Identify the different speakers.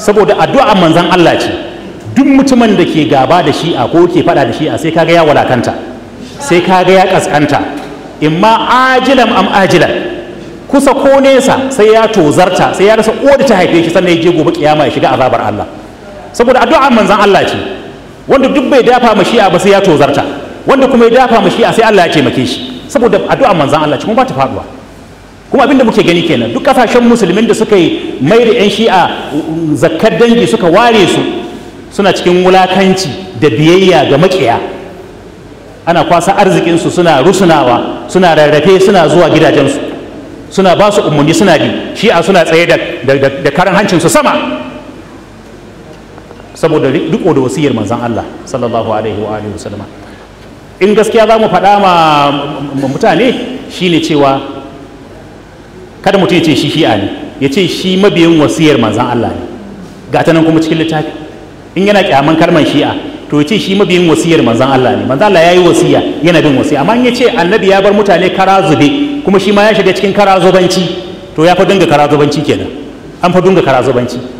Speaker 1: saboda addu'a manzan Allah ce duk mutumin da ke gaba da shi'a ko ke fada da shi'a sai kaga ya walakanta sai kaga ya kaskanta imma ajilan am ajilan kusa ko nesa sai ya tozarta sai ya rasa da ta haife shi sannan ya je gobe kiyama ya shiga azabar Allah saboda addu'a manzan Allah ce wanda duk bai dafa ma ba sai ya tozarta wanda kuma ya dafa mashi'a sai Allah ya taimake shi saboda addu'a manzan Allah cikin ba ta faduwa kuma abinda muke gani kenan duk kasashen musulmin da suka yi mai da yan shi'a zakkar dangi suka ware su suna cikin wulakanci da biyayya ga makiya ana kwasa arzikinsu suna rusunawa suna rarrafe suna zuwa gidajensu suna ba su umarni suna bi shi'a suna tsaye da karan su sama saboda duk da wasiyar manzan Allah sallallahu alaihi wa alihi wa in gaskiya za mu faɗa ma mutane shine cewa kada mutum ya ce shi shi'a ne ya ce shi mabiyin wasiyar manzan Allah ne ga ta nan kuma cikin littafi in yana kyaman karman shi'a to ya ce shi mabiyin wasiyar manzan Allah ne manzan Allah ya yi wasiya yana bin wasiya amma in ya ce annabi ya bar mutane kara zube kuma shi ma ya shiga cikin kara zubanci to ya fa dinga kara zubanci kenan an fa dinga kara zubanci